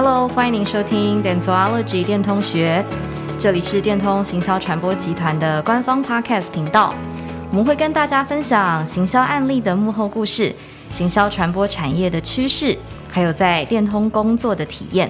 Hello，歡迎您收聽《Dentsuology 電通學》，這裡是電通行銷傳播集團的官方 Podcast 頻道。我們會跟大家分享行銷案例的幕後故事、行銷傳播產業的趨勢，還有在電通工作的體驗。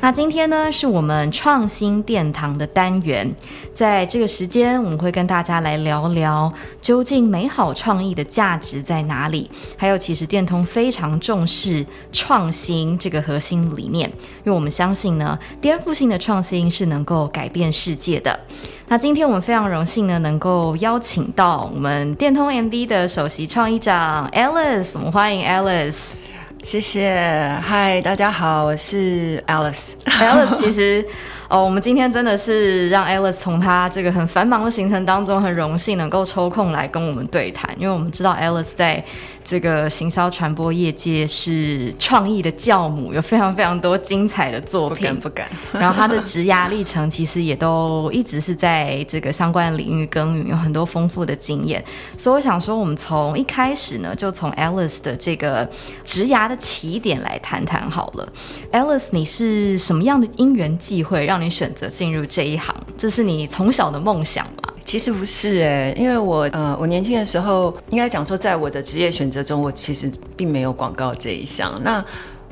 那今天呢，是我們創新電堂的單元，在這個時間，我們會跟大家來聊聊究竟美好創意的價值在哪裡？還有，其實電通非常重視創新這個核心理念，因為我們相信呢，顛覆性的創新是能夠改變世界的。那今天我們非常榮幸呢，能夠邀請到我們電通 mb 的首席創意長 Alice，我們歡迎 Alice。謝謝嗨，Hi，大家好，我是 Alice。 Alice 其實，哦，我們今天真的是讓 Alice 從她這個很繁忙的行程當中，很榮幸能夠抽空來跟我們對談，因為我們知道 Alice 在這個行銷傳播業界是創意的教母，有非常非常多精彩的作品。不敢，不敢，不敢。然後他的職涯歷程其實也都一直是在這個相關領域耕耘，有很多豐富的經驗。所以我想說，我們從一開始呢，就從 Alice 的這個職涯的。起點來談談好了，Alice，你是什麼樣的因緣際會讓你選擇進入這一行？這是你從小的夢想嗎？其實不是哎、欸，因為我呃，我年輕的時候應該講說，在我的職業選擇中，我其實並沒有廣告這一項。那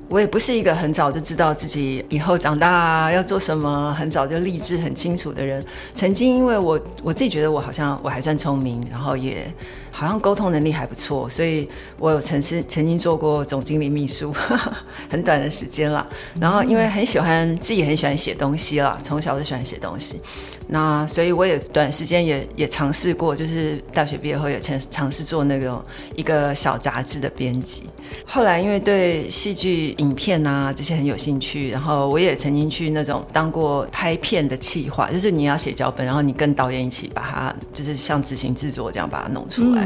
我也不是一個很早就知道自己以後長大要做什麼，很早就立志很清楚的人。曾經因為我我自己覺得我好像我還算聰明，然後也。好像溝通能力還不錯，所以我有曾是曾經做過總經理秘書，呵呵，很短的時間了。然後因為很喜歡自己，很喜歡寫東西了，從小就喜歡寫東西。那所以我也短時間也也嘗試過，就是大學畢業後也嘗嘗試做那個一個小雜誌的編輯。後來因為對戲劇、影片啊這些很有興趣，然後我也曾經去那種當過拍片的企劃，就是你要寫腳本，然後你跟導演一起把它就是像執行製作這樣把它弄出來。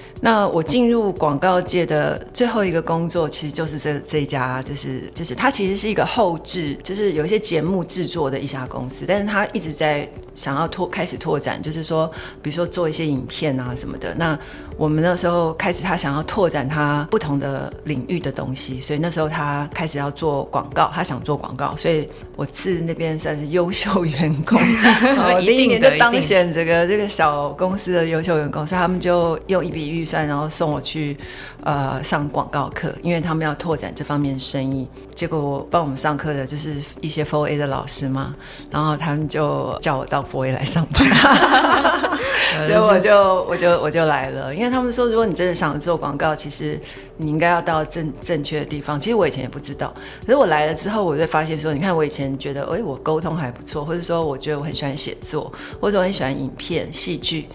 那我進入廣告界的最後一個工作，其實就是這這一家，就是就是他其實是一個後製，就是有一些節目製作的一家公司，但是他一直在想要拓開始拓展，就是說比如說做一些影片啊什麼的。那我們那時候開始，他想要拓展他不同的領域的東西，所以那時候他開始要做廣告，他想做廣告，所以我自那邊算是優秀員工，我第、 哦、一,一年就當選這個定這個小公司的優秀員工，所以他們就用一筆預算。然後送我去，呃，上廣告課，因為他們要拓展這方面的生意。結果我幫我們上課的，就是一些 Four A 的老師嘛，然後他們就叫我到 Four A 來上班，所以 我就我就我就，我就來了。因為他們說，如果你真的想做廣告，其實你應該要到正正確的地方。其實我以前也不知道，可是我來了之後，我就發現說，你看我以前覺得，哎，我溝通還不錯，或者說我覺得我很喜歡寫作，或者我很喜歡影片、戲劇。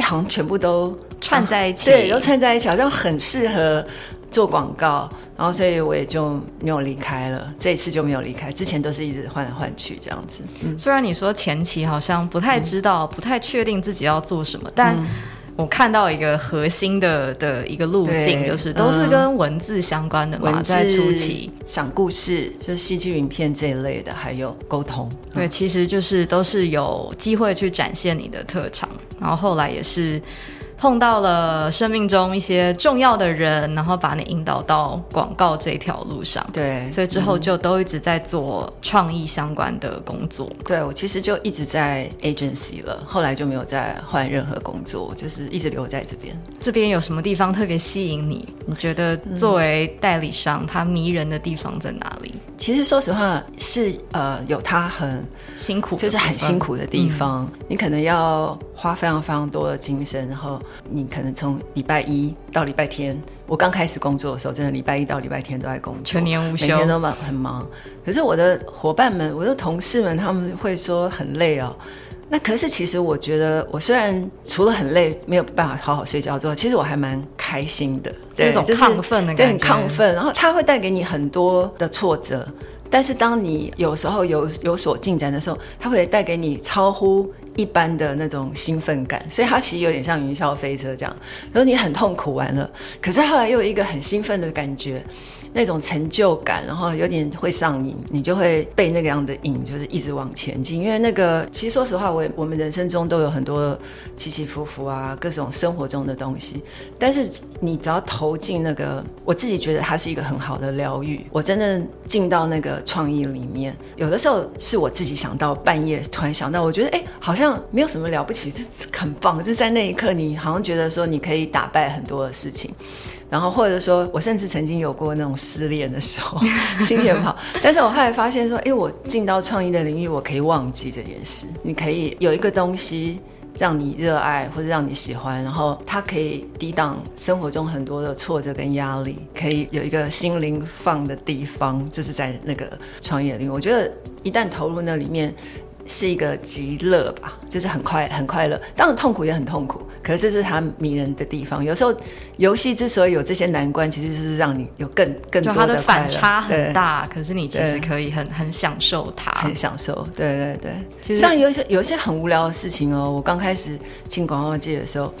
好像全部都串在一起，啊、對，都串在一起，好像很適合做廣告，然後所以我也就沒有離開了，這一次就沒有離開，之前都是一直換來換去這樣子。嗯、雖然你說前期好像不太知道，嗯、不太確定自己要做什麼，但，嗯我看到一個核心的的一個路徑，對就是都是跟文字相關的嘛。在、嗯、初期想故事，就是戲劇影片這一類的，還有溝通。嗯、對，其實就是都是有機會去展現你的特長，然後後來也是。碰到了生命中一些重要的人，然後把你引導到廣告這條路上。對，所以之後就都一直在做創意相關的工作。嗯、對，我其實就一直在 agency 了，後來就沒有再換任何工作，就是一直留在這邊。這邊有什麼地方特別吸引你？你覺得作為代理商，嗯、他迷人的地方在哪裡？其實說實話，是呃，有他很辛苦的地方，就是很辛苦的地方。嗯、你可能要花非常非常多的精神，然後。你可能從禮拜一到禮拜天，我剛開始工作的時候，真的禮拜一到禮拜天都在工作，全年無休，每天都忙很忙。可是我的夥伴們，我的同事們，他們會說很累哦、喔。那可是其實我覺得，我雖然除了很累沒有辦法好好睡覺之外，其實我還蠻開心的，那種亢奮的感覺。就是、對，很亢奮，然後它會帶給你很多的挫折，但是當你有時候有有所進展的時候，它會帶給你超乎。一般的那種興奮感，所以他其實有點像雲霄飛車這樣。然後你很痛苦完了，可是後來又有一個很興奮的感覺。那種成就感，然後有點會上癮，你就會被那個樣的癮，就是一直往前進。因為那個，其實說實話，我我們人生中都有很多起起伏伏啊，各種生活中的東西。但是你只要投進那個，我自己覺得它是一個很好的療癒。我真的進到那個創意裡面，有的時候是我自己想到半夜突然想到，我覺得哎，好像沒有什麼了不起，這很棒。就是在那一刻，你好像覺得說你可以打敗很多的事情。然後，或者說我甚至曾經有過那種失戀的時候，心情不好。但是我後來發現說，哎，我進到創意的領域，我可以忘記這件事。你可以有一個東西讓你熱愛或者讓你喜歡，然後它可以抵擋生活中很多的挫折跟壓力，可以有一個心靈放的地方，就是在那個創業領域。我覺得一旦投入那裡面。是一個極樂吧，就是很快很快樂，當然痛苦也很痛苦，可是這是它迷人的地方。有時候遊戲之所以有這些難關，其實是讓你有更更多的快樂，就它的反差很大，對可是你其實可以很對很享受它，很享受。對對對，其實像有一些有一些很無聊的事情哦、喔，我剛開始進廣告界的時候。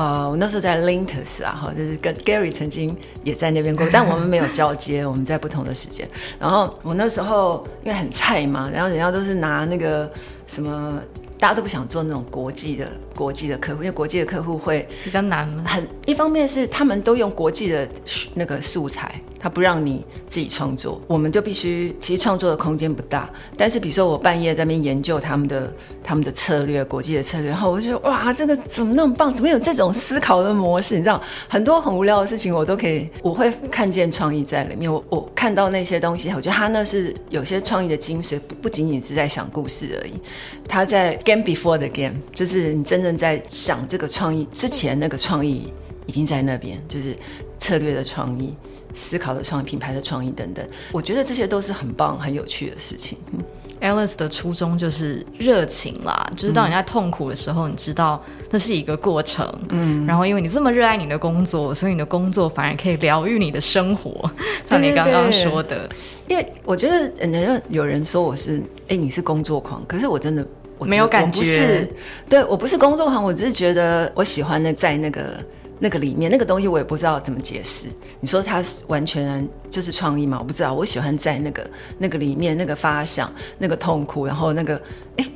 啊，uh, 我那時候在 Linters 啊，哈，就是跟 Gary 曾經也在那邊過，但我們沒有交接， 我們在不同的時間。然後我那時候因為很菜嘛，然後人家都是拿那個什麼。大家都不想做那種國際的國際的客戶，因為國際的客戶會比較難。很一方面，是他們都用國際的那個素材，他不讓你自己創作，我們就必須其實創作的空間不大。但是，比如說我半夜在那邊研究他們的他們的策略，國際的策略，然後我就覺得哇，這個怎麼那麼棒？怎麼有這種思考的模式？你知道，很多很無聊的事情，我都可以，我會看見創意在裡面。我我看到那些東西，我覺得他那是有些創意的精髓，不不僅僅是在想故事而已，他在。Game before the game，就是你真正在想這個創意之前，那個創意已經在那邊，就是策略的創意、思考的創意、品牌的創意等等。我覺得這些都是很棒、很有趣的事情。Alice 的初衷就是熱情啦，就是當人家痛苦的時候，嗯、你知道那是一個過程。嗯，然後因為你這麼熱愛你的工作，所以你的工作反而可以療癒你的生活，對對對，像你剛剛說的。因為我覺得人家有人說我是哎，欸、你是工作狂，可是我真的。我沒有感覺，不是。對，我不是工作狂，我只是覺得我喜歡的在那個那個裡面那個東西，我也不知道怎麼解釋。你說它完全就是創意嗎？我不知道。我喜歡在那個那個裡面那個發想，那個痛苦，嗯、然後那個。嗯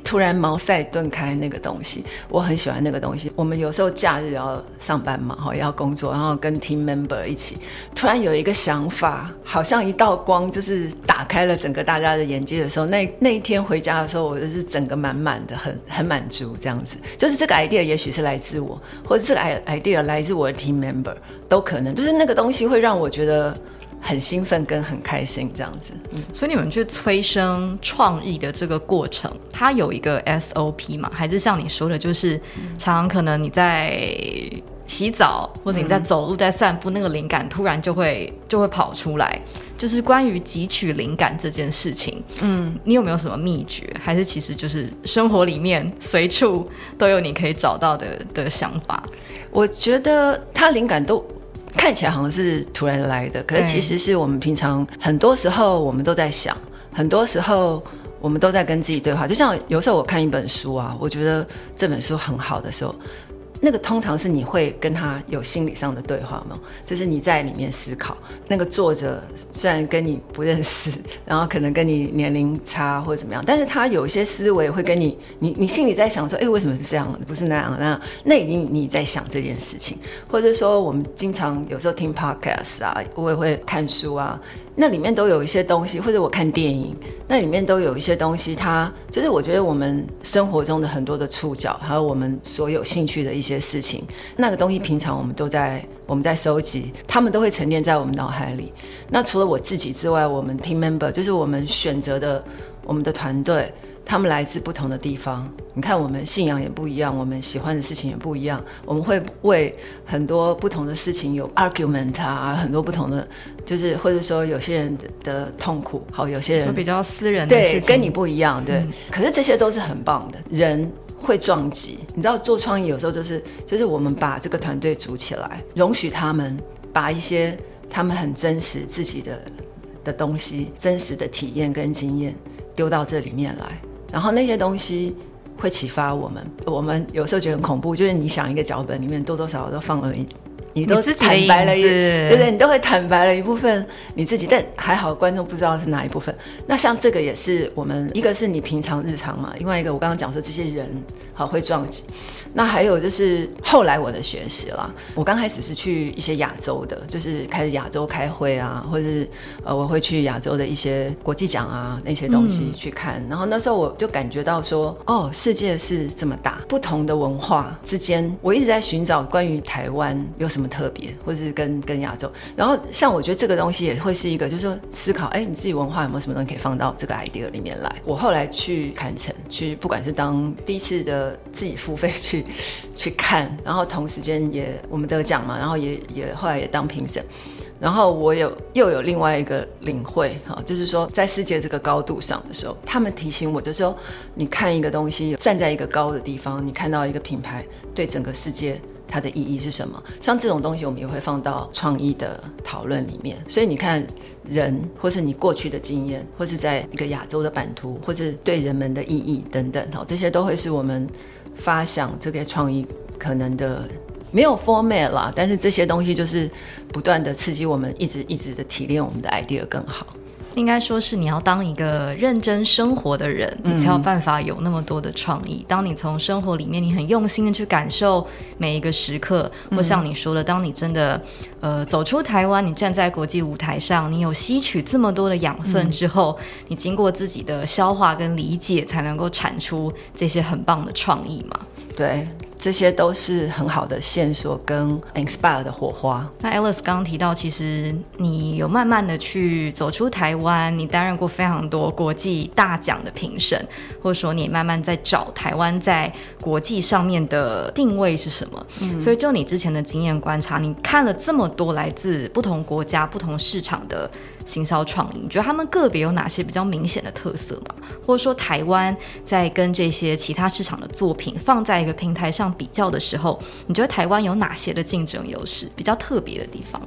突然茅塞頓開那個東西，我很喜歡那個東西。我們有時候假日要上班嘛，哈，也要工作，然後跟 team member 一起，突然有一個想法，好像一道光就是打開了整個大家的眼界的時候，那那一天回家的時候，我就是整個滿滿的很很滿足這樣子。就是這個 idea 也許是來自我，或者這個 idea 來自我的 team member 都可能，就是那個東西會讓我覺得。很興奮跟很開心這樣子，所以你們去催生創意的這個過程，它有一個 SOP 嘛？還是像你說的，就是、嗯、常常可能你在洗澡或者你在走路在散步，嗯、那個靈感突然就會就會跑出來。就是關於汲取靈感這件事情，嗯，你有沒有什麼秘訣？還是其實就是生活裡面隨處都有你可以找到的的想法？我覺得他靈感都。看起來好像是突然來的，可是其實是我們平常對很多時候我們都在想，很多時候我們都在跟自己對話。就像有時候我看一本書啊，我覺得這本書很好的時候。那個通常是你會跟他有心理上的對話嗎？就是你在裡面思考，那個作者雖然跟你不認識，然後可能跟你年齡差或怎麼樣，但是他有一些思維會跟你，你你心裡在想說，哎、欸，為什麼是這樣，不是那樣的那樣？那那已經你在想這件事情，或者說我們經常有時候聽 podcast 啊，我也會看書啊。那裡面都有一些東西，或者我看電影，那裡面都有一些東西它，就是我覺得我們生活中的很多的觸角，還有我們所有興趣的一些事情，那個東西平常我們都在我們在收集，他們都會沉澱在我們腦海裡。那除了我自己之外，我們 team member 就是我們選擇的我們的團隊。他們來自不同的地方，你看我們信仰也不一樣，我們喜歡的事情也不一樣，我們會為很多不同的事情有 argument 啊，很多不同的就是或者說有些人的，的痛苦，好，有些人就比較私人的事情，對，跟你不一樣，對，嗯，可是這些都是很棒的，人會撞擊。你知道，做創意有時候就是就是我們把這個團隊組起來，容許他們把一些他們很真實自己的的東西、真實的體驗跟經驗丟到這裡面來。然後那些東西會啟發我們，我們有時候覺得很恐怖，就是你想一個腳本裡面多多少少都放了一。你都坦白了一，是對不對？你都會坦白了一部分你自己，但還好觀眾不知道是哪一部分。那像這個也是我們一個是你平常日常嘛，另外一個我剛剛講說這些人好會撞擊。那還有就是後來我的學習了。我剛開始是去一些亞洲的，就是開始亞洲開會啊，或者是呃我會去亞洲的一些國際獎啊那些東西去看。嗯。然後那時候我就感覺到說，哦，世界是這麼大，不同的文化之間，我一直在尋找關於台灣有什麼。特別，或者是跟跟亞洲，然後像我覺得這個東西也會是一個，就是說思考，哎、欸，你自己文化有沒有什麼東西可以放到這個 idea 裡面來？我後來去坎城，去不管是當第一次的自己付費去去看，然後同時間也我們得獎嘛，然後也也後來也當評審，然後我有又有另外一個領會哈，就是說在世界這個高度上的時候，他們提醒我就是說，你看一個東西，站在一個高的地方，你看到一個品牌對整個世界，它的意義是什麼？像這種東西，我們也會放到創意的討論裡面。所以你看人，人或是你過去的經驗，或是在一個亞洲的版圖，或者對人們的意義等等，哈，這些都會是我們發想這個創意可能的沒有 format 啦，但是這些東西就是不斷的刺激我們，一直一直的提煉我們的 idea 更好。應該說是你要當一個認真生活的人，你才有辦法有那麼多的創意。嗯、當你從生活裡面，你很用心的去感受每一個時刻，嗯、或像你說的，當你真的呃走出台灣，你站在國際舞台上，你有吸取這麼多的養分之後，嗯、你經過自己的消化跟理解，才能夠產出這些很棒的創意嘛？對。.這些都是很好的線索跟 inspire 的火花。那 Alice 剛剛提到，其實你有慢慢的去走出台灣，你擔任過非常多國際大獎的評審，或者說你慢慢在找台灣在國際上面的定位是什麼？嗯。所以就你之前的經驗觀察，你看了這麼多來自不同國家、不同市場的行銷創意，你覺得他們個別有哪些比較明顯的特色嗎？或者說，台灣在跟這些其他市場的作品放在一個平台上比較的時候，你覺得台灣有哪些的競爭優勢，比較特別的地方？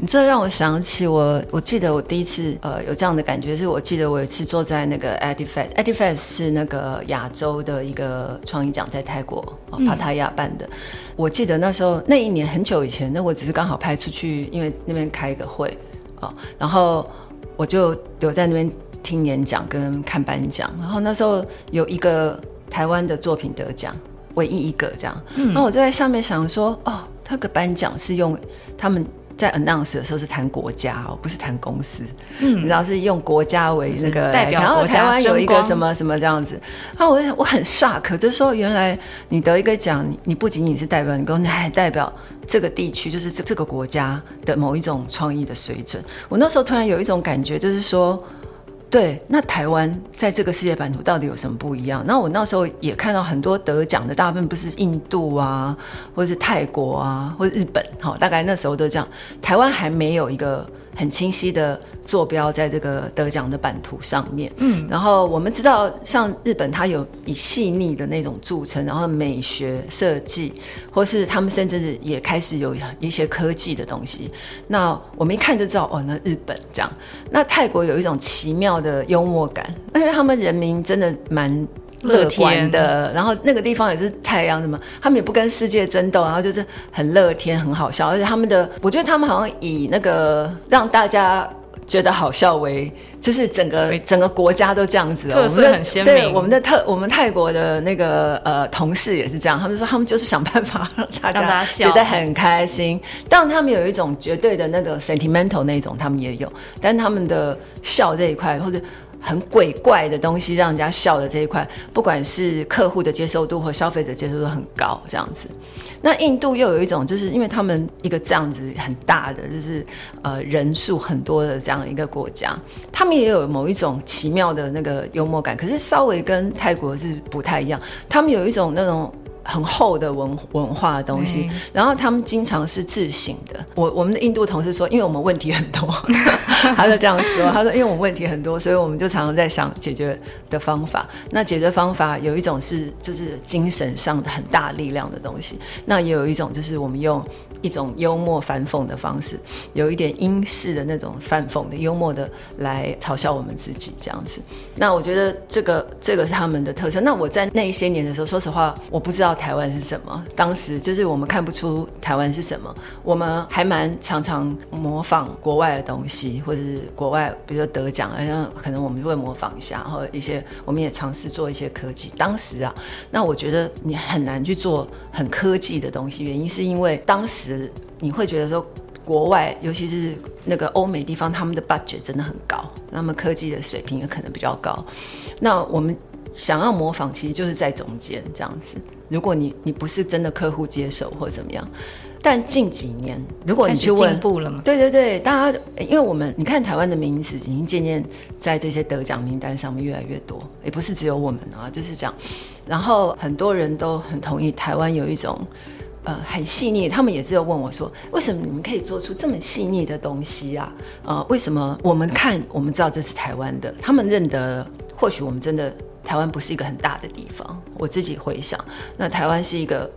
你這讓我想起我，我記得我第一次呃有這樣的感覺，是我記得我有一次坐在那個 AdFest，AdFest 是那個亞洲的一個創意獎，在泰國，哦，帕塔亞辦的。嗯，我記得那時候那一年很久以前，那我只是剛好派出去，因為那邊開一個會，哦，然後我就留在那邊聽演講跟看頒獎，然後那時候有一個台灣的作品得獎，唯一一個這樣，嗯，那我就在下面想說，哦，這個頒獎是用他們。在 announce 的時候是談國家哦，不是談公司，嗯，你知道是用國家為那個代表。然後台灣有一個什麼什麼這樣子，啊我我很 shock，就是說原來你得一個獎，你你不僅僅是代表你公司，還代表這個地區，就是這這個國家的某一種創意的水準。我那時候突然有一種感覺，就是說。對，那台灣在這個世界版圖到底有什麼不一樣？那我那時候也看到很多得獎的，大部分不是印度啊，或者是泰國啊，或者日本，好，哦，大概那時候都這樣。台灣還沒有一個。很清晰的坐標在這個得獎的版圖上面，嗯，然後我們知道，像日本，它有以細膩的那種著稱，然後美學設計，或是他們甚至是也開始有一些科技的東西。那我們一看就知道，哦，那日本這樣。那泰國有一種奇妙的幽默感，因為他們人民真的蠻。樂觀的，天然後那個地方也是太陽什麼，他們也不跟世界爭鬥，然後就是很樂天，很好笑，而且他們的，我覺得他們好像以那個讓大家覺得好笑為，就是整個對整個國家都這樣子。哦，很鮮明我。我們的對我們的特我們泰國的那個呃同事也是這樣，他們說他們就是想辦法讓大家覺得很開心，他但他們有一種絕對的那個 sentimental 那一種，他們也有，但他們的笑這一塊或者。很鬼怪的東西，讓人家笑的這一塊，不管是客戶的接受度和消費者接受度很高，這樣子。那印度又有一種，就是因為他們一個這樣子很大的，就是呃人數很多的這樣一個國家，他們也有某一種奇妙的那個幽默感，可是稍微跟泰國是不太一樣，他們有一種那種。很厚的文文化的東西，嗯、然後他們經常是自省的。我我們的印度同事說，因為我們問題很多， 他就這樣說。他說，因為我們問題很多，所以我們就常常在想解決的方法。那解決方法有一種是就是精神上的很大力量的東西，那也有一種就是我們用。一種幽默反諷的方式，有一點英式的那種反諷的幽默的來嘲笑我們自己這樣子。那我覺得這個這個是他們的特色。那我在那一些年的時候，說實話，我不知道台灣是什麼。當時就是我們看不出台灣是什麼，我們還蠻常常模仿國外的東西，或者是國外比如說得獎，好像可能我們就會模仿一下，然後一些我們也嘗試做一些科技。當時啊，那我覺得你很難去做很科技的東西，原因是因為當時。你會覺得說，國外尤其是那個歐美地方，他們的 budget 真的很高，那麼科技的水平也可能比較高。那我們想要模仿，其實就是在中間這樣子。如果你你不是真的客戶接手或怎麼樣，但近幾年如果你去問，進步了嗎？對對對，大家因為我們你看台灣的名字已經漸漸在這些得獎名單上面越來越多，也不是只有我們啊，就是這樣。然後很多人都很同意，台灣有一種。呃，很細膩。他們也是要問我說，為什麼你們可以做出這麼細膩的東西啊？呃，為什麼我們看，我們知道這是台灣的。他們認得，或許我們真的台灣不是一個很大的地方。我自己回想，那台灣是一個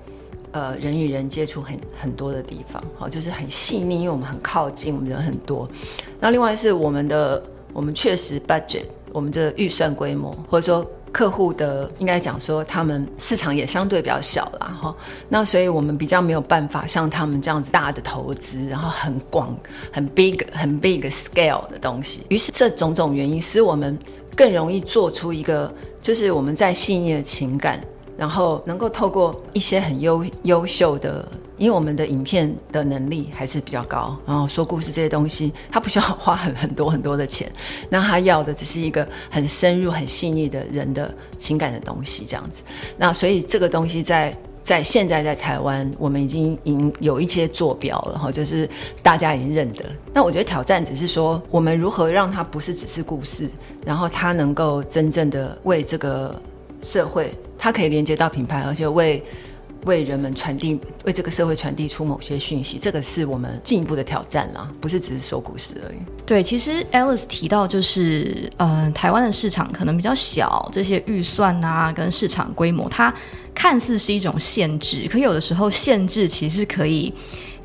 呃，人與人接觸很很多的地方，好、哦，就是很細膩，因為我們很靠近，我們人很多。那另外是我們的，我們確實 budget，我們的預算規模，或者說。客戶的應該講說，他們市場也相對比較小啦，哈，那所以我們比較沒有辦法像他們這樣子大的投資，然後很廣、很 big、很 big scale 的東西。於是這種種原因使我們更容易做出一個，就是我們在細膩的情感。然後能夠透過一些很優優秀的，因為我們的影片的能力還是比較高，然後說故事這些東西，他不需要花很很多很多的錢，那他要的只是一個很深入、很細膩的人的情感的東西，這樣子。那所以這個東西在在現在在台灣，我們已經已經有一些坐標了，哈，就是大家已經認得。那我覺得挑戰只是說，我們如何讓它不是只是故事，然後它能夠真正的為這個。社會，它可以連接到品牌，而且為為人們傳遞，為這個社會傳遞出某些訊息。這個是我們進一步的挑戰啦，不是只是說故事而已。對，其實 Alice 提到就是，嗯、呃，台灣的市場可能比較小，這些預算啊跟市場規模，它看似是一種限制，可有的時候限制其實可以。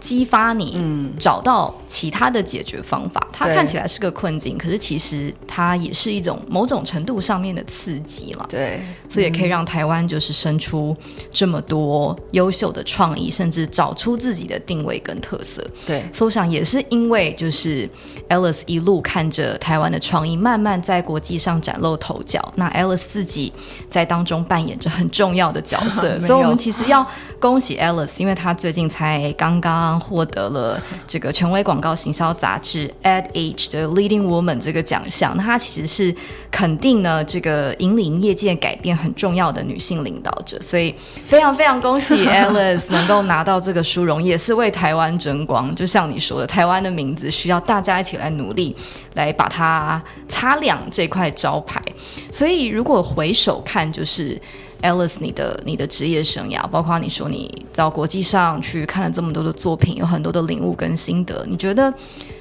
激發你找到其他的解決方法。嗯、它看起來是個困境，對可是其實它也是一種某種程度上面的刺激了。對，所以也可以讓台灣就是生出這麼多優秀的創意，甚至找出自己的定位跟特色。對，所以我想也是因為就是 Alice 一路看着台灣的創意慢慢在國際上嶄露頭角，那 Alice 自己在當中扮演着很重要的角色。 有所以，我們其實要恭喜 Alice 因為她最近才剛剛。獲得了這個權威廣告行銷雜誌 Ad Age 的 Leading Women 這個獎項，那她其實是肯定呢，這個引領業界改變很重要的女性領導者，所以非常非常恭喜 Alice 能夠拿到這個殊榮， 也是為台灣爭光。就像你說的，台灣的名字需要大家一起來努力來把它擦亮這塊招牌。所以如果回首看，就是。Alice，你的你的職業生涯，包括你說你到國際上去看了這麼多的作品，有很多的領悟跟心得。你覺得，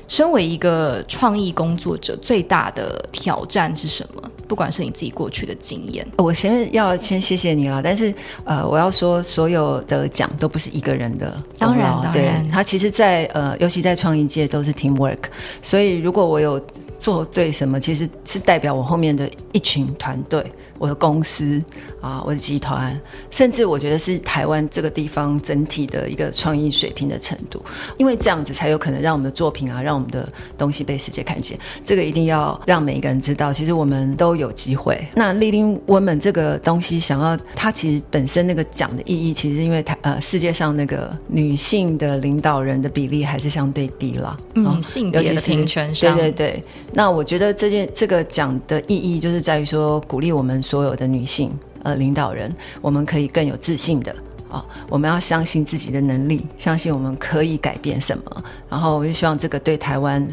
身為一個創意工作者，最大的挑戰是什麼？不管是你自己過去的經驗，我先要先謝謝你了。但是，呃，我要說，所有的獎都不是一個人的，當然，好不好？當然，對，他其實在，在呃，尤其在創意界都是 team work。所以，如果我有做對什麼，其實是代表我後面的一群團隊。我的公司啊，我的集團，甚至我覺得是台灣這個地方整體的一個創意水平的程度，因為這樣子才有可能讓我們的作品啊，讓我們的東西被世界看見。這個一定要讓每一個人知道，其實我們都有機會。那 Leading Women 這個東西，想要它其實本身那個獎的意義，其實因為台呃世界上那個女性的領導人的比例還是相對低了，嗯，性別平權上，對對對。那我覺得這件這個獎的意義，就是在於說鼓勵我們。所有的女性呃領導人，我們可以更有自信的啊、哦，我們要相信自己的能力，相信我們可以改變什麼。然後我就希望這個對台灣，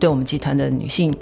對我們集團的女性，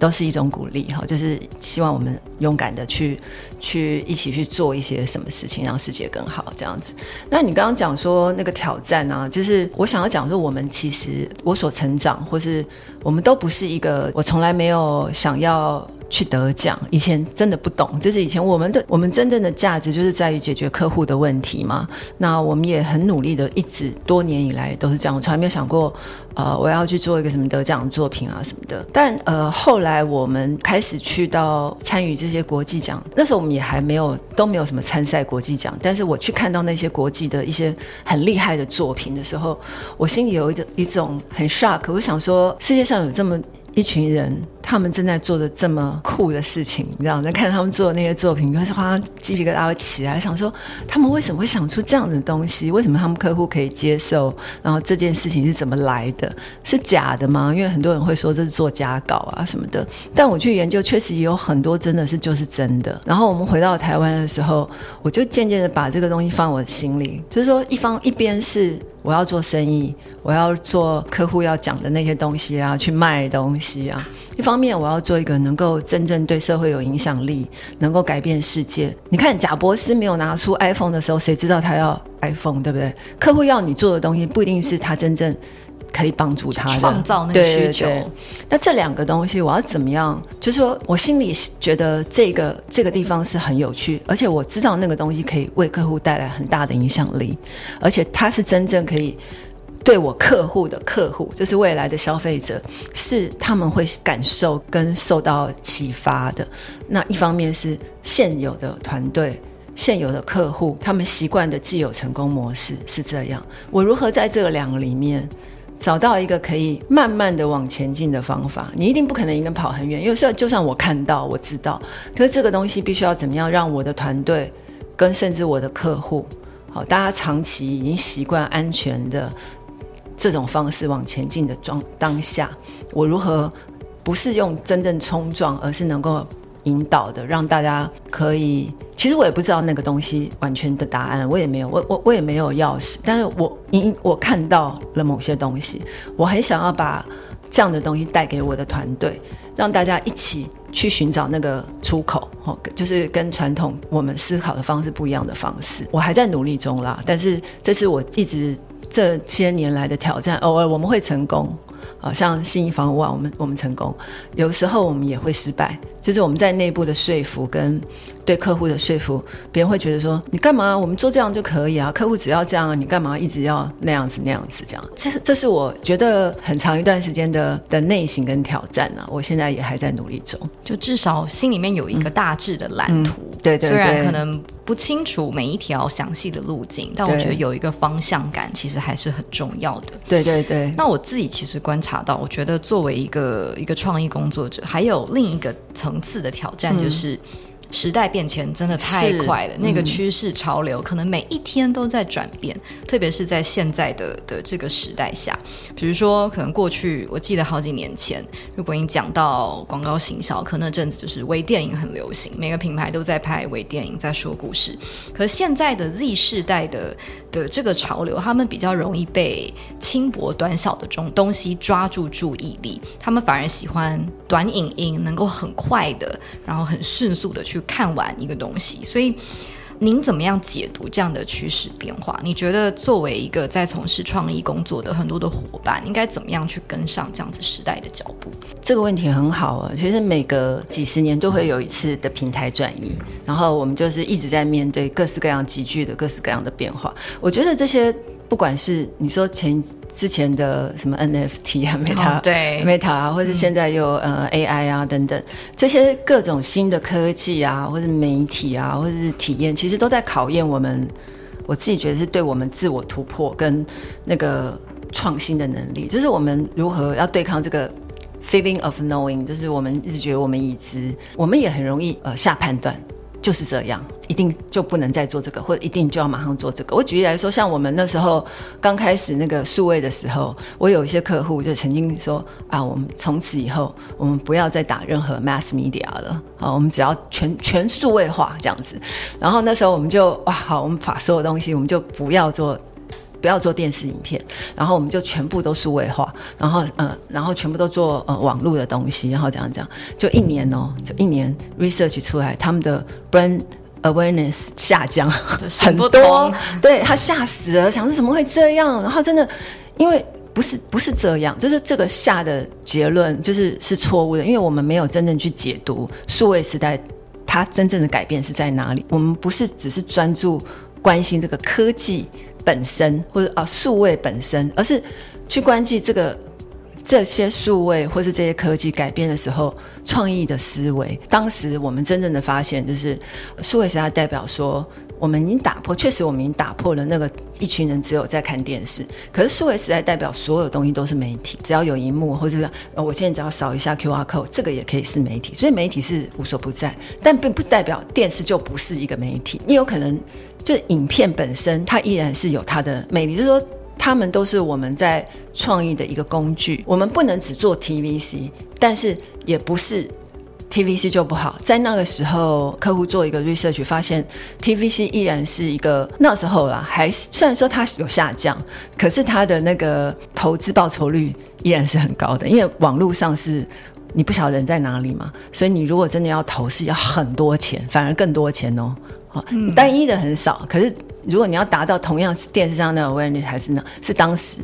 都是一種鼓勵哈、哦，就是希望我們勇敢地去去一起去做一些什麼事情，讓世界更好這樣子。那你剛剛講說那個挑戰呢、啊，就是我想要講說，我們其實我所成長或是我們都不是一個，我從來沒有想要。去得獎，以前真的不懂，就是以前我們的我們真正的價值就是在於解決客戶的問題嘛。那我們也很努力的，一直多年以來都是這樣。我從來沒有想過，呃，我要去做一個什麼得獎作品啊什麼的。但呃，後來我們開始去到參與這些國際獎，那時候我們也還沒有都沒有什麼參賽國際獎。但是我去看到那些國際的一些很厲害的作品的時候，我心裡有一個一種很 shock。我想說，世界上有這麼一群人。他們正在做的這麼酷的事情，你知道？在看他們做的那些作品，你會花雞皮疙瘩起來，想說他們為什麼會想出這樣的東西？為什麼他們客戶可以接受？然後這件事情是怎麼來的？是假的嗎？因為很多人會說這是做假稿啊什麼的。但我去研究，確實也有很多真的是就是真的。然後我們回到台灣的時候，我就漸漸的把這個東西放我心裡。就是說一，一方一邊是我要做生意，我要做客戶要講的那些東西啊，去賣東西啊。一方面，我要做一個能夠真正對社會有影響力、能夠改變世界。你看，賈伯斯沒有拿出 iPhone 的時候，誰知道他要 iPhone，對不對？客戶要你做的東西，不一定是他真正可以幫助他的創造那個需求。對對對。那這兩個東西，我要怎麼樣？就是說我心裡覺得這個這個地方是很有趣，而且我知道那個東西可以為客戶帶來很大的影響力，而且它是真正可以。對我客戶的客戶，就是未來的消費者，是他們會感受跟受到啟發的。那一方面是現有的團隊、現有的客戶，他們習慣的既有成功模式是這樣。我如何在這兩個裡面找到一個可以慢慢的往前進的方法？你一定不可能已經跑很遠，因為就就算我看到我知道，可是這個東西必須要怎麼樣讓我的團隊跟甚至我的客戶，好，大家長期已經習慣安全的。這種方式往前進的狀當下，我如何不是用真正衝撞，而是能夠引導的，讓大家可以。其實我也不知道那個東西完全的答案，我也沒有，我我我也沒有鑰匙。但是我，我看到了某些東西，我很想要把這樣的東西帶給我的團隊，讓大家一起去尋找那個出口。哦，就是跟傳統我們思考的方式不一樣的方式。我還在努力中啦，但是這是我一直。這些年來的挑戰，偶爾我們會成功，啊，像信義房屋啊，我們我們成功，有時候我們也會失敗，就是我們在內部的說服跟。對客戶的說服，別人會覺得說你幹嘛？我們做這樣就可以啊！客戶只要這樣，你幹嘛一直要那樣子那樣子這樣？這這是我覺得很長一段時間的的內心跟挑戰呢、啊。我現在也還在努力中。就至少心裡面有一個大致的藍圖，嗯嗯、對,對對。雖然可能不清楚每一條詳細的路徑，但我覺得有一個方向感其實還是很重要的。對,對對對。那我自己其實觀察到，我覺得作為一個一個創意工作者，還有另一個層次的挑戰就是。嗯時代變遷真的太快了，是那個趨勢潮流可能每一天都在轉變，嗯、特別是在現在的的這個時代下，比如說可能過去我記得好幾年前，如果你講到廣告行銷，可能那陣子就是微電影很流行，每個品牌都在拍微電影，在說故事。可現在的 Z 世代的的這個潮流，他們比較容易被輕薄短小的這種東西抓住注意力，他們反而喜歡短影音，能夠很快的，然後很迅速的去。看完一個東西，所以您怎麼樣解讀這樣的趨勢變化？你覺得作為一個在從事創意工作的很多的夥伴，應該怎麼樣去跟上這樣子時代的腳步？這個問題很好啊！其實每隔幾十年都會有一次的平台轉移，嗯、然後我們就是一直在面對各式各樣急劇的各式各樣的變化。我覺得這些。不管是你說前之前的什麼 NFT 啊，Meta，oh，對，Meta 啊，或者現在又、嗯、呃 AI 啊等等，這些各種新的科技啊，或者媒體啊，或者是體驗，其實都在考驗我們。我自己覺得是對我們自我突破跟那個創新的能力，就是我們如何要對抗這個 feeling of knowing，就是我們一直覺得我們已知，我們也很容易呃下判斷。就是這樣，一定就不能再做這個，或者一定就要馬上做這個。我舉例來說，像我們那時候剛開始那個數位的時候，我有一些客戶就曾經說：“啊，我們從此以後，我們不要再打任何 mass media 了，啊，我們只要全全數位化這樣子。”然後那時候我們就哇，好，我們把所有東西，我們就不要做。不要做電視影片，然後我們就全部都數位化，然後呃，然後全部都做呃網絡的東西，然後這樣講這樣，就一年哦，就一年 research 出來，他們的 brand awareness 下降很多，對，他嚇死了，想說怎麼會這樣，然後真的，因為不是不是這樣，就是這個下的結論就是是錯誤的，因為我們沒有真正去解讀數位時代它真正的改變是在哪裡，我們不是只是專注關心這個科技。本身或者啊，數位本身，而是去關注這個這些數位或是這些科技改變的時候，創意的思維。當時我們真正的發現就是，數位時代代表說，我們已經打破，確實我們已經打破了那個一群人只有在看電視。可是數位時代代表所有東西都是媒體，只要有熒幕或者是、啊、我現在只要掃一下 QR code，這個也可以是媒體。所以媒體是無所不在，但並不代表電視就不是一個媒體。你有可能。就影片本身，它依然是有它的魅力。就是說，它們都是我們在創意的一個工具。我們不能只做 TVC，但是也不是 TVC 就不好。在那個時候，客戶做一個 research 發現，TVC 依然是一個那時候啦，還是雖然說它有下降，可是它的那個投資報酬率依然是很高的。因為網絡上是你不曉得人在哪裡嘛，所以你如果真的要投，是要很多錢，反而更多錢哦。單一的很少，可是如果你要達到同樣是電視上的那位威力，還是呢？是當時，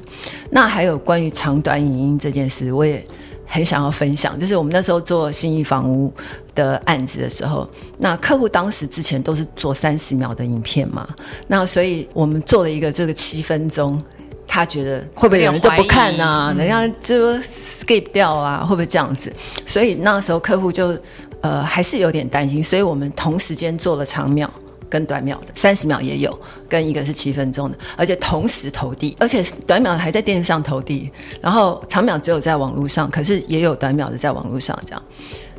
那還有關於長短影音這件事，我也很想要分享。就是我們那時候做信義房屋的案子的時候，那客戶當時之前都是做三十秒的影片嘛，那所以我們做了一個這個七分鐘，他覺得會不會有人就不看呢、啊？人家就 skip 掉啊，會不會這樣子？所以那時候客戶就呃還是有點擔心，所以我們同時間做了長秒。跟短秒的三十秒也有，跟一個是七分鐘的，而且同時投遞，而且短秒的還在電視上投遞，然後長秒只有在網絡上，可是也有短秒的在網絡上這樣。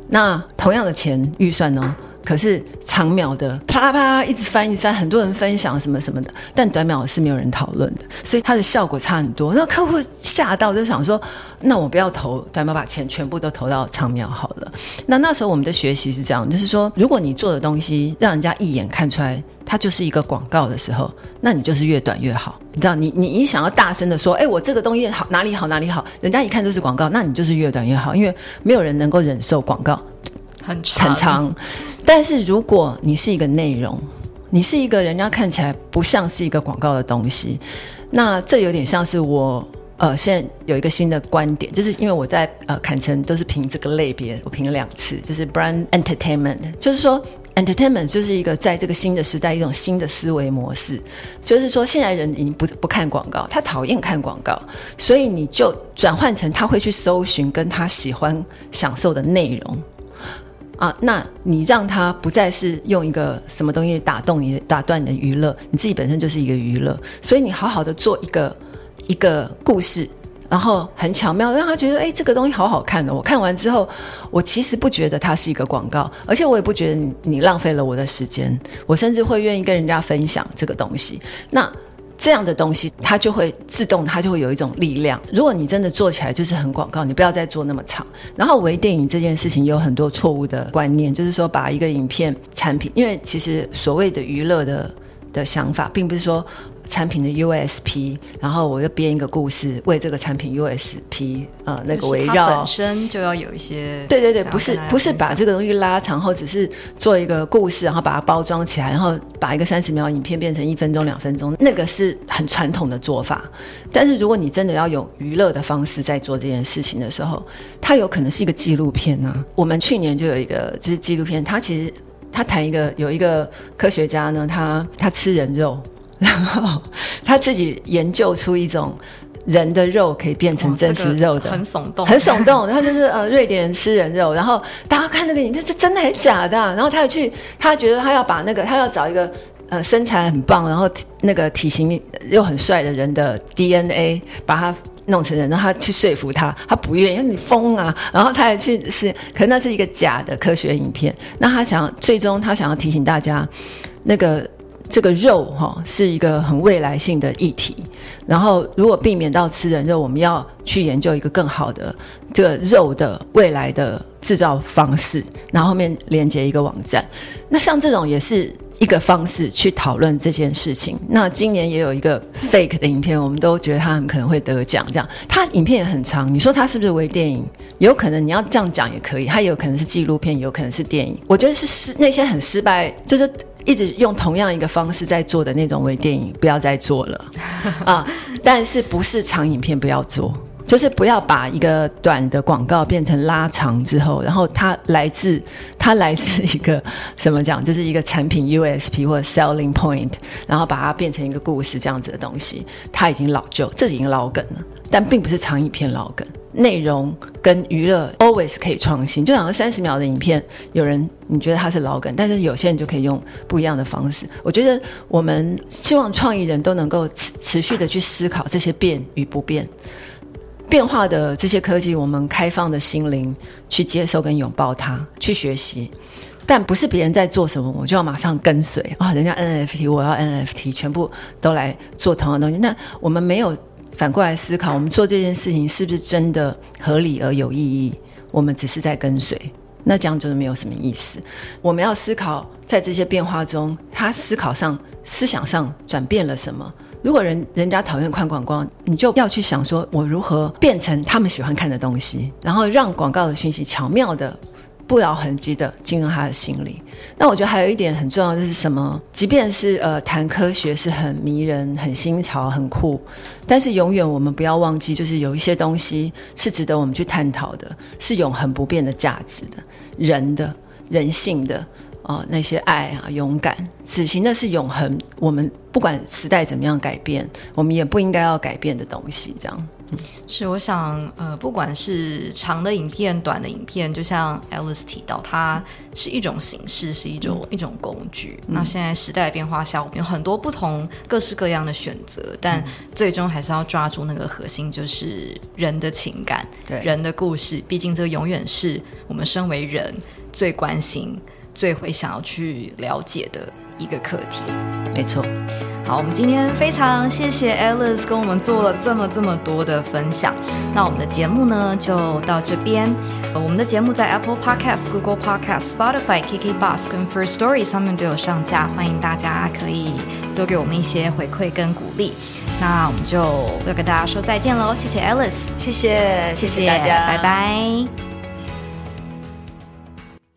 那同樣的錢預算呢？可是長秒的啪啪啪一直翻一直翻，很多人分享什麼什麼的，但短秒是沒有人討論的，所以它的效果差很多。那客戶嚇到就想說：“那我不要投短秒，把錢全部都投到長秒好了。”那那時候我們的學習是這樣，就是說，如果你做的東西讓人家一眼看出來它就是一個廣告的時候，那你就是越短越好。你知道，你你你想要大聲的說：“哎，我這個東西好，哪裡好哪裡好。”人家一看就是廣告，那你就是越短越好，因為沒有人能夠忍受廣告很長，很長但是如果你是一個內容，你是一個人家看起來不像是一個廣告的東西，那這有點像是我呃，現在有一個新的觀點，就是因為我在呃，坎城都是評這個類別，我評了兩次，就是 brand entertainment，就是說 entertainment 就是一個在這個新的時代一種新的思維模式，就是說現在人已經不不看廣告，他討厭看廣告，所以你就轉換成他會去搜尋跟他喜歡享受的內容。啊，那你讓他不再是用一個什麼東西打動你、打斷你的娛樂，你自己本身就是一個娛樂，所以你好好的做一個一個故事，然後很巧妙，讓他覺得欸，這個東西好好看哦。我看完之後，我其實不覺得它是一個廣告，而且我也不覺得你，你浪費了我的時間，我甚至會願意跟人家分享這個東西。那。這樣的東西，它就會自動，它就會有一種力量。如果你真的做起來，就是很廣告，你不要再做那麼長。然後，微電影這件事情有很多錯誤的觀念，就是說把一個影片產品，因為其實所謂的娛樂的的想法，並不是說。產品的 USP，然後我又編一個故事為這個產品 USP，呃，那個圍繞本身就要有一些對對對，不是不是把這個東西拉長或只是做一個故事，然後把它包裝起來，然後把一個三十秒影片變成一分鐘、兩分鐘，那個是很傳統的做法。但是如果你真的要用娛樂的方式在做這件事情的時候，它有可能是一個紀錄片啊。我們去年就有一個就是紀錄片，它其實它談一個有一個科學家呢，他他吃人肉。然後他自己研究出一種人的肉可以變成真實肉的，這個，很聳動，很聳動。 他就是呃，瑞典人吃人肉。然後大家看那個影片，是真的還是假的啊？然後他要去，他覺得他要把那個他要找一個呃身材很棒，然後體那個體型又很帥的人的 DNA，把他弄成人。然後他去說服他，他不願意。你瘋啊！然後他還去是，可能那是一個假的科學影片。那他想最終他想要提醒大家那個。這個肉哈、哦、是一個很未來性的議題，然後如果避免到吃人肉，我們要去研究一個更好的這個肉的未來的製造方式，然後，後面連接一個網站。那像這種也是一個方式去討論這件事情。那今年也有一個 fake 的影片，我們都覺得他很可能會得獎。這樣，他影片也很長，你說他是不是微電影？有可能，你要這樣講也可以，它也有可能是紀錄片，也有可能是電影。我覺得是是那些很失敗，就是。一直用同樣一個方式在做的那種微電影不要再做了啊！但是不是長影片不要做，就是不要把一個短的廣告變成拉長之後，然後它來自它來自一個什麼講，就是一個產品 USP 或者 selling point，然後把它變成一個故事這樣子的東西，它已經老舊，這已經老梗了，但並不是長影片老梗。內容跟娛樂 always 可以創新，就好像三十秒的影片，有人你覺得它是老梗，但是有些人就可以用不一樣的方式。我覺得我們希望創意人都能夠持持續地去思考這些變與不變，變化的這些科技，我們開放的心靈去接受跟擁抱它，去學習。但不是別人在做什麼，我就要馬上跟隨啊、哦！人家 NFT，我要 NFT，全部都來做同樣的東西。那我們沒有。反過來思考，我們做這件事情是不是真的合理而有意義？我們只是在跟隨，那這樣就沒有什麼意思。我們要思考，在這些變化中，他思考上、思想上轉變了什麼？如果人人家討厭看廣告，你就要去想說，我如何變成他們喜歡看的東西，然後讓廣告的訊息巧妙的、不着痕迹的進入他的心裡。那我覺得還有一點很重要的是什麼？即便是呃談科學是很迷人、很新潮、很酷，但是永遠我們不要忘記，就是有一些東西是值得我們去探討的，是永恆不變的價值的，人的人性的。哦，那些愛啊，勇敢，此行的是永恆。我們不管時代怎麼樣改變，我們也不應該要改變的東西，這樣。嗯、是，我想，呃，不管是長的影片、短的影片，就像 Alice 提到，它是一種形式，是一種、嗯、一種工具。嗯、那現在時代變化下，我們有很多不同、各式各樣的選擇，但最終還是要抓住那個核心，就是人的情感、對人的故事。畢竟，這個永遠是我們身為人最關心。最會想要去了解的一個課題，沒錯。好，我們今天非常謝謝 Alice 跟我們做了這麼這麼多的分享。嗯、那我們的節目呢，就到這邊。我們的節目在 Apple Podcast、Google Podcast、Spotify、KKBOX 跟 Firstory 上面都有上架，歡迎大家可以多給我們一些回饋跟鼓勵。那我們就要跟大家說再見嘍，謝謝 Alice，謝謝謝謝大家，拜拜。